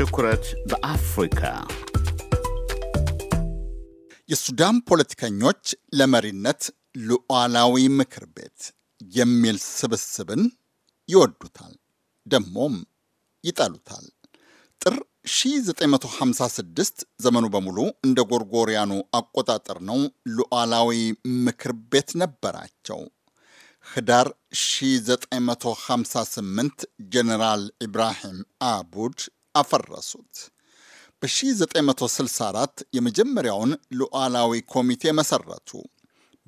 ትኩረት በአፍሪካ የሱዳን ፖለቲከኞች ለመሪነት ሉዓላዊ ምክር ቤት የሚል ስብስብን ይወዱታል፣ ደግሞም ይጠሉታል። ጥር 1956 ዘመኑ በሙሉ እንደ ጎርጎሪያኑ አቆጣጠር ነው። ሉዓላዊ ምክር ቤት ነበራቸው። ህዳር 1958 ጀነራል ኢብራሂም አቡድ አፈረሱት። በ1964 የመጀመሪያውን ሉዓላዊ ኮሚቴ መሰረቱ።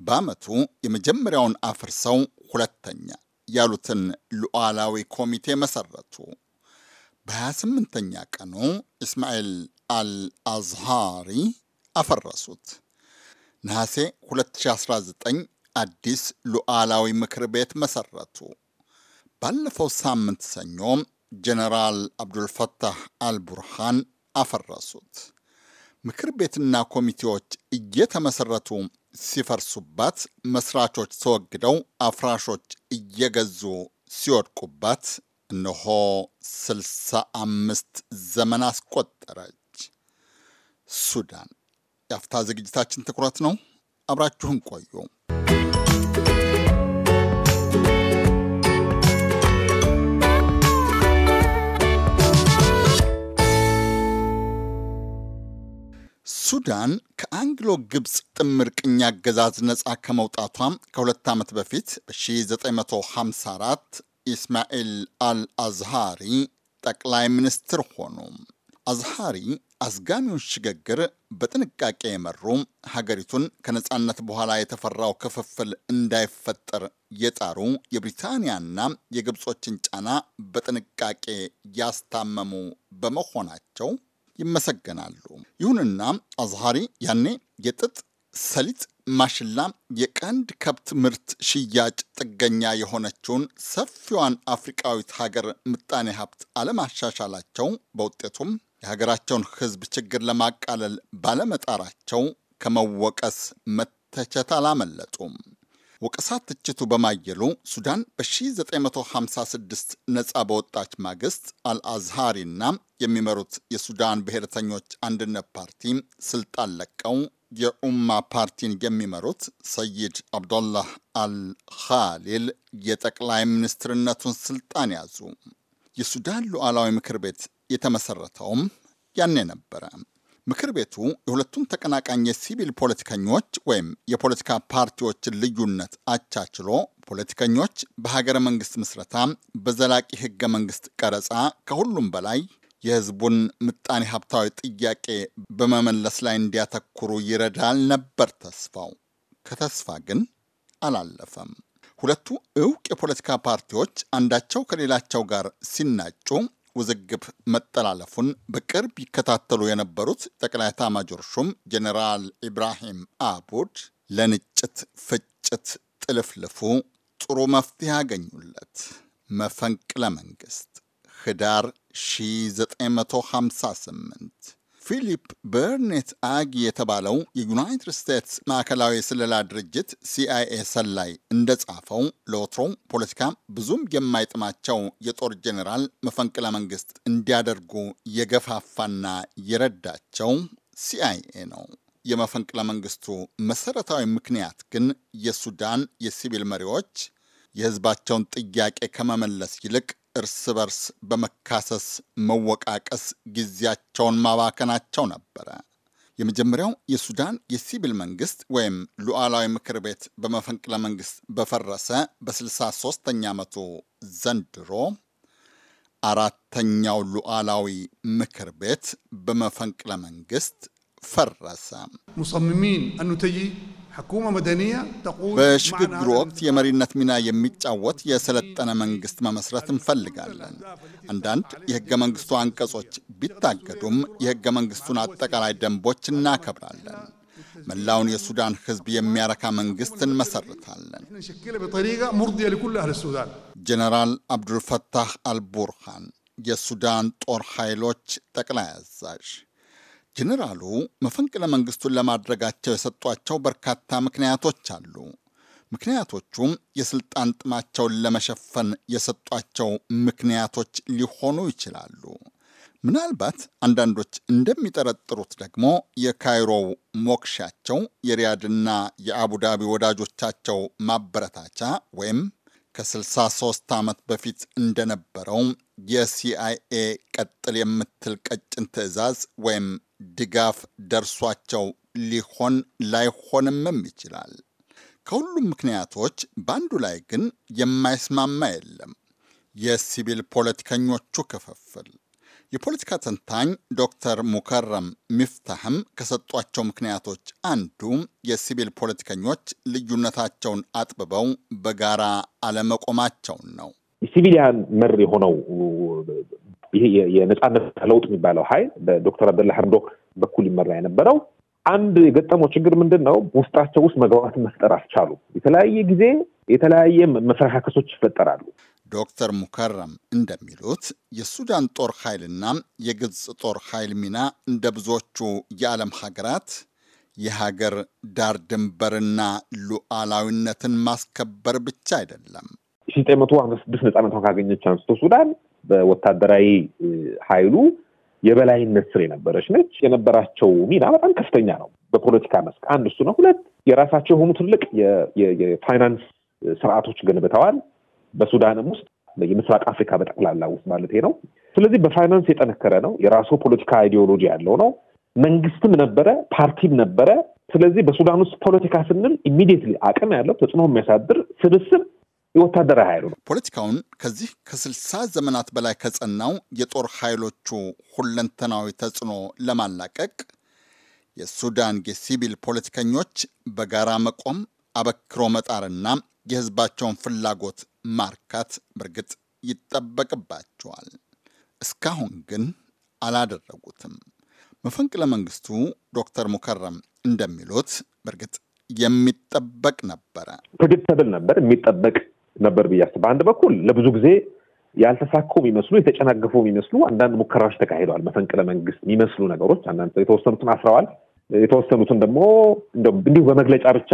በዓመቱ የመጀመሪያውን አፍርሰው ሁለተኛ ያሉትን ሉዓላዊ ኮሚቴ መሰረቱ። በ28ኛ ቀኑ እስማኤል አልአዝሃሪ አፈረሱት። ነሐሴ 2019 አዲስ ሉዓላዊ ምክር ቤት መሰረቱ። ባለፈው ሳምንት ሰኞ ጀነራል አብዱልፈታህ አልቡርሃን አፈረሱት። ምክር ቤትና ኮሚቴዎች እየተመሰረቱ ሲፈርሱባት፣ መስራቾች ተወግደው አፍራሾች እየገዙ ሲወድቁባት እነሆ ስልሳ አምስት ዘመን አስቆጠረች ሱዳን። የአፍታ ዝግጅታችን ትኩረት ነው። አብራችሁን ቆዩ። ሱዳን ከአንግሎ ግብፅ ጥምር ቅኝ አገዛዝ ነፃ ከመውጣቷ ከሁለት ዓመት በፊት በ1954 ኢስማኤል አልአዝሃሪ ጠቅላይ ሚኒስትር ሆኑ። አዝሃሪ አዝጋሚውን ሽግግር በጥንቃቄ የመሩ ሀገሪቱን ከነፃነት በኋላ የተፈራው ክፍፍል እንዳይፈጠር የጣሩ የብሪታንያና የግብጾችን ጫና በጥንቃቄ ያስታመሙ በመሆናቸው ይመሰገናሉ። ይሁንና አዝሃሪ ያኔ የጥጥ ሰሊጥ፣ ማሽላ፣ የቀንድ ከብት ምርት ሽያጭ ጥገኛ የሆነችውን ሰፊዋን አፍሪቃዊት ሀገር ምጣኔ ሀብት አለማሻሻላቸው በውጤቱም የሀገራቸውን ሕዝብ ችግር ለማቃለል ባለመጣራቸው ከመወቀስ መተቸት አላመለጡም። ወቀሳ፣ ትችቱ በማየሉ ሱዳን በ1956 ነፃ በወጣች ማግስት አልአዝሃሪና የሚመሩት የሱዳን ብሔርተኞች አንድነት ፓርቲ ስልጣን ለቀው የኡማ ፓርቲን የሚመሩት ሰይድ አብዶላህ አልኻሊል የጠቅላይ ሚኒስትርነቱን ስልጣን ያዙ። የሱዳን ሉዓላዊ ምክር ቤት የተመሰረተውም ያኔ ነበረ። ምክር ቤቱ የሁለቱን ተቀናቃኝ የሲቪል ፖለቲከኞች ወይም የፖለቲካ ፓርቲዎችን ልዩነት አቻችሎ ፖለቲከኞች በሀገረ መንግስት ምስረታ፣ በዘላቂ ህገ መንግስት ቀረጻ፣ ከሁሉም በላይ የህዝቡን ምጣኔ ሀብታዊ ጥያቄ በመመለስ ላይ እንዲያተኩሩ ይረዳል ነበር ተስፋው። ከተስፋ ግን አላለፈም። ሁለቱ እውቅ የፖለቲካ ፓርቲዎች አንዳቸው ከሌላቸው ጋር ሲናጩ ውዝግብ መጠላለፉን በቅርብ ይከታተሉ የነበሩት ጠቅላይ ታማጆር ሹም ጀኔራል ኢብራሂም አቡድ ለንጭት ፍጭት ጥልፍልፉ ጥሩ መፍትሄ ያገኙለት መፈንቅለ መንግስት ህዳር 1958 ፊሊፕ በርኔት አግ የተባለው የዩናይትድ ስቴትስ ማዕከላዊ የስለላ ድርጅት ሲአይኤ ሰላይ እንደጻፈው ለወትሮው ፖለቲካ ብዙም የማይጥማቸው የጦር ጄኔራል መፈንቅለ መንግስት እንዲያደርጉ የገፋፋና የረዳቸው ሲአይኤ ነው። የመፈንቅለ መንግስቱ መሰረታዊ ምክንያት ግን የሱዳን የሲቪል መሪዎች የህዝባቸውን ጥያቄ ከመመለስ ይልቅ እርስ በርስ በመካሰስ መወቃቀስ ጊዜያቸውን ማባከናቸው ነበረ። የመጀመሪያው የሱዳን የሲቪል መንግስት ወይም ሉዓላዊ ምክር ቤት በመፈንቅለ መንግስት በፈረሰ በ63ኛ ዓመቱ ዘንድሮ፣ አራተኛው ሉዓላዊ ምክር ቤት በመፈንቅለ መንግስት ፈረሰ ሙሰምሚን አኑተይ በሽግግሩ ወቅት የመሪነት ሚና የሚጫወት የሰለጠነ መንግስት መመስረት እንፈልጋለን። አንዳንድ የህገ መንግስቱ አንቀጾች ቢታገዱም የህገ መንግስቱን አጠቃላይ ደንቦች እናከብራለን። መላውን የሱዳን ህዝብ የሚያረካ መንግስት እንመሰርታለን። ጀነራል አብዱልፈታህ አልቡርሃን የሱዳን ጦር ኃይሎች ጠቅላይ አዛዥ ጄኔራሉ መፈንቅለ መንግስቱን ለማድረጋቸው የሰጧቸው በርካታ ምክንያቶች አሉ። ምክንያቶቹም የስልጣን ጥማቸውን ለመሸፈን የሰጧቸው ምክንያቶች ሊሆኑ ይችላሉ። ምናልባት አንዳንዶች እንደሚጠረጥሩት ደግሞ የካይሮው ሞክሻቸው፣ የሪያድና የአቡዳቢ ወዳጆቻቸው ማበረታቻ ወይም ከ63 ዓመት በፊት እንደነበረው የሲአይኤ ቀጥል የምትል ቀጭን ትዕዛዝ ወይም ድጋፍ ደርሷቸው ሊሆን ላይሆንምም ይችላል። ከሁሉም ምክንያቶች በአንዱ ላይ ግን የማይስማማ የለም፤ የሲቪል ፖለቲከኞቹ ክፍፍል። የፖለቲካ ተንታኝ ዶክተር ሙከረም ሚፍታህም ከሰጧቸው ምክንያቶች አንዱ የሲቪል ፖለቲከኞች ልዩነታቸውን አጥብበው በጋራ አለመቆማቸውን ነው። ሲቪሊያን መር የሆነው ይህ የነፃነት ለውጥ የሚባለው ሀይል በዶክተር አብደላ ሐምዶክ በኩል ይመራ የነበረው አንድ የገጠመው ችግር ምንድን ነው? ውስጣቸው ውስጥ መግባባትን መፍጠር አልቻሉም። የተለያየ ጊዜ የተለያየ መፈረካከሶች ይፈጠራሉ። ዶክተር ሙከረም እንደሚሉት የሱዳን ጦር ኃይልና የግብፅ ጦር ኃይል ሚና እንደ ብዙዎቹ የዓለም ሀገራት የሀገር ዳር ድንበርና ሉዓላዊነትን ማስከበር ብቻ አይደለም። ሺህ ዘጠኝ መቶ ሀምሳ ስድስት ነጻነቷን ካገኘች አንስቶ ሱዳን በወታደራዊ ኃይሉ የበላይነት ስር የነበረች ነች። የነበራቸው ሚና በጣም ከፍተኛ ነው በፖለቲካ መስክ። አንድ እሱ ነው። ሁለት የራሳቸው የሆኑ ትልቅ የፋይናንስ ስርዓቶች ገንብተዋል። በሱዳንም ውስጥ የምስራቅ አፍሪካ በጠቅላላ ውስጥ ማለት ነው። ስለዚህ በፋይናንስ የጠነከረ ነው። የራሱ ፖለቲካ አይዲዮሎጂ ያለው ነው። መንግስትም ነበረ፣ ፓርቲም ነበረ። ስለዚህ በሱዳን ውስጥ ፖለቲካ ስንል ኢሚዲየትሊ አቅም ያለው ተጽዕኖ የሚያሳድር ስብስብ የወታደራዊ ኃይሉ ነው። ፖለቲካውን ከዚህ ከስልሳ ዘመናት በላይ ከጸናው የጦር ኃይሎቹ ሁለንተናዊ ተጽዕኖ ለማላቀቅ የሱዳን የሲቪል ፖለቲከኞች በጋራ መቆም፣ አበክሮ መጣርና የህዝባቸውን ፍላጎት ማርካት በእርግጥ ይጠበቅባቸዋል። እስካሁን ግን አላደረጉትም። መፈንቅለ መንግስቱ ዶክተር ሙከረም እንደሚሉት በእርግጥ የሚጠበቅ ነበረ፣ ፕሪዲክተብል ነበር የሚጠበቅ ነበር ብዬ አስብ። በአንድ በኩል ለብዙ ጊዜ ያልተሳኩ የሚመስሉ የተጨናገፉ የሚመስሉ አንዳንድ ሙከራዎች ተካሂደዋል። መፈንቅለ መንግስት የሚመስሉ ነገሮች አንዳንድ የተወሰኑትን አስረዋል። የተወሰኑትን ደግሞ እንዲሁ በመግለጫ ብቻ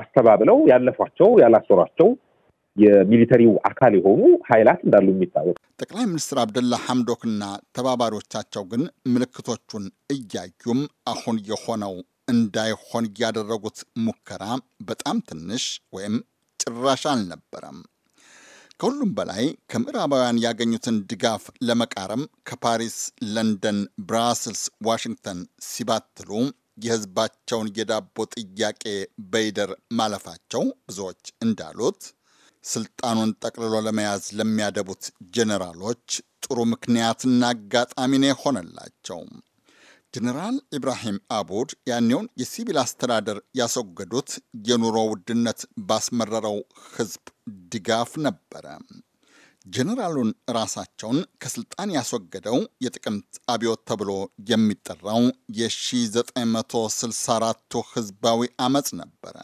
አስተባብለው ያለፏቸው ያላሰሯቸው የሚሊተሪው አካል የሆኑ ኃይላት እንዳሉ የሚታወቅ ጠቅላይ ሚኒስትር አብደላ ሐምዶክና ተባባሪዎቻቸው ግን ምልክቶቹን እያዩም አሁን የሆነው እንዳይሆን ያደረጉት ሙከራ በጣም ትንሽ ወይም ጭራሽ አልነበረም። ከሁሉም በላይ ከምዕራባውያን ያገኙትን ድጋፍ ለመቃረም ከፓሪስ፣ ለንደን፣ ብራስልስ፣ ዋሽንግተን ሲባትሉ የህዝባቸውን የዳቦ ጥያቄ በይደር ማለፋቸው ብዙዎች እንዳሉት ስልጣኑን ጠቅልሎ ለመያዝ ለሚያደቡት ጄኔራሎች ጥሩ ምክንያትና አጋጣሚ ነው የሆነላቸው። ጀኔራል ኢብራሂም አቡድ ያኔውን የሲቪል አስተዳደር ያስወገዱት የኑሮ ውድነት ባስመረረው ህዝብ ድጋፍ ነበረ። ጀኔራሉን ራሳቸውን ከስልጣን ያስወገደው የጥቅምት አብዮት ተብሎ የሚጠራው የ1964ቱ ሕዝባዊ አመፅ ነበረ።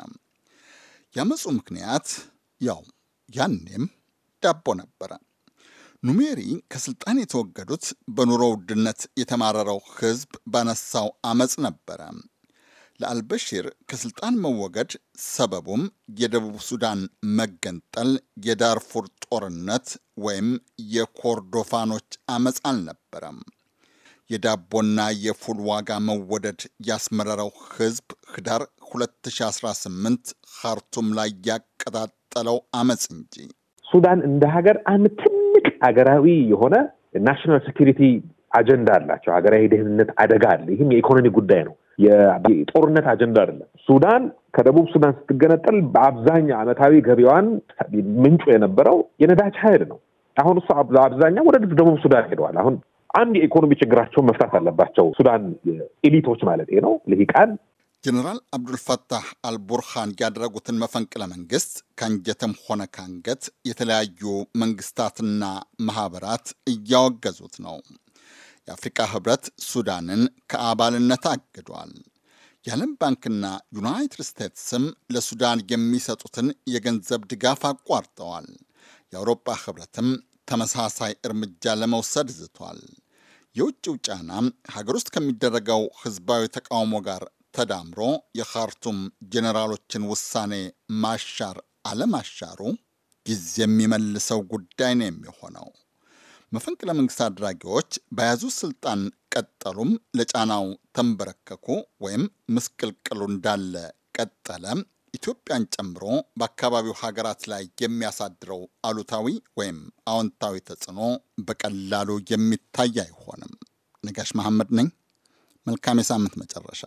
የአመፁ ምክንያት ያው ያኔም ዳቦ ነበረ። ኑሜሪ ከስልጣን የተወገዱት በኑሮ ውድነት የተማረረው ህዝብ ባነሳው አመፅ ነበረ። ለአልበሺር ከስልጣን መወገድ ሰበቡም የደቡብ ሱዳን መገንጠል፣ የዳርፉር ጦርነት ወይም የኮርዶፋኖች አመፅ አልነበረም። የዳቦና የፉል ዋጋ መወደድ ያስመረረው ህዝብ ህዳር 2018 ካርቱም ላይ ያቀጣጠለው አመፅ እንጂ ሱዳን እንደ ሀገር አምት ትልቅ ሀገራዊ የሆነ ናሽናል ሴኪሪቲ አጀንዳ አላቸው። ሀገራዊ ደህንነት አደጋ አለ። ይህም የኢኮኖሚ ጉዳይ ነው፣ የጦርነት አጀንዳ አይደለም። ሱዳን ከደቡብ ሱዳን ስትገነጠል በአብዛኛው ዓመታዊ ገቢዋን ምንጩ የነበረው የነዳጅ ኃይል ነው። አሁን እሱ በአብዛኛው ወደ ደቡብ ሱዳን ሄደዋል። አሁን አንድ የኢኮኖሚ ችግራቸውን መፍታት አለባቸው። ሱዳን ኤሊቶች ማለት ነው ልሂቃን ጀኔራል አብዱልፈታህ አልቡርሃን ያደረጉትን መፈንቅለ መንግስት ከአንጀትም ሆነ ከአንገት የተለያዩ መንግስታትና ማህበራት እያወገዙት ነው። የአፍሪካ ህብረት ሱዳንን ከአባልነት አግዷል። የዓለም ባንክና ዩናይትድ ስቴትስም ለሱዳን የሚሰጡትን የገንዘብ ድጋፍ አቋርጠዋል። የአውሮፓ ህብረትም ተመሳሳይ እርምጃ ለመውሰድ ዝቷል። የውጭው ጫና ሀገር ውስጥ ከሚደረገው ህዝባዊ ተቃውሞ ጋር ተዳምሮ የካርቱም ጄኔራሎችን ውሳኔ ማሻር አለማሻሩ ጊዜ የሚመልሰው ጉዳይ ነው የሚሆነው። መፈንቅለ መንግስት አድራጊዎች በያዙ ስልጣን ቀጠሉም፣ ለጫናው ተንበረከኩ ወይም ምስቅልቅሉ እንዳለ ቀጠለ፣ ኢትዮጵያን ጨምሮ በአካባቢው ሀገራት ላይ የሚያሳድረው አሉታዊ ወይም አዎንታዊ ተጽዕኖ በቀላሉ የሚታይ አይሆንም። ነጋሽ መሐመድ ነኝ። መልካም የሳምንት መጨረሻ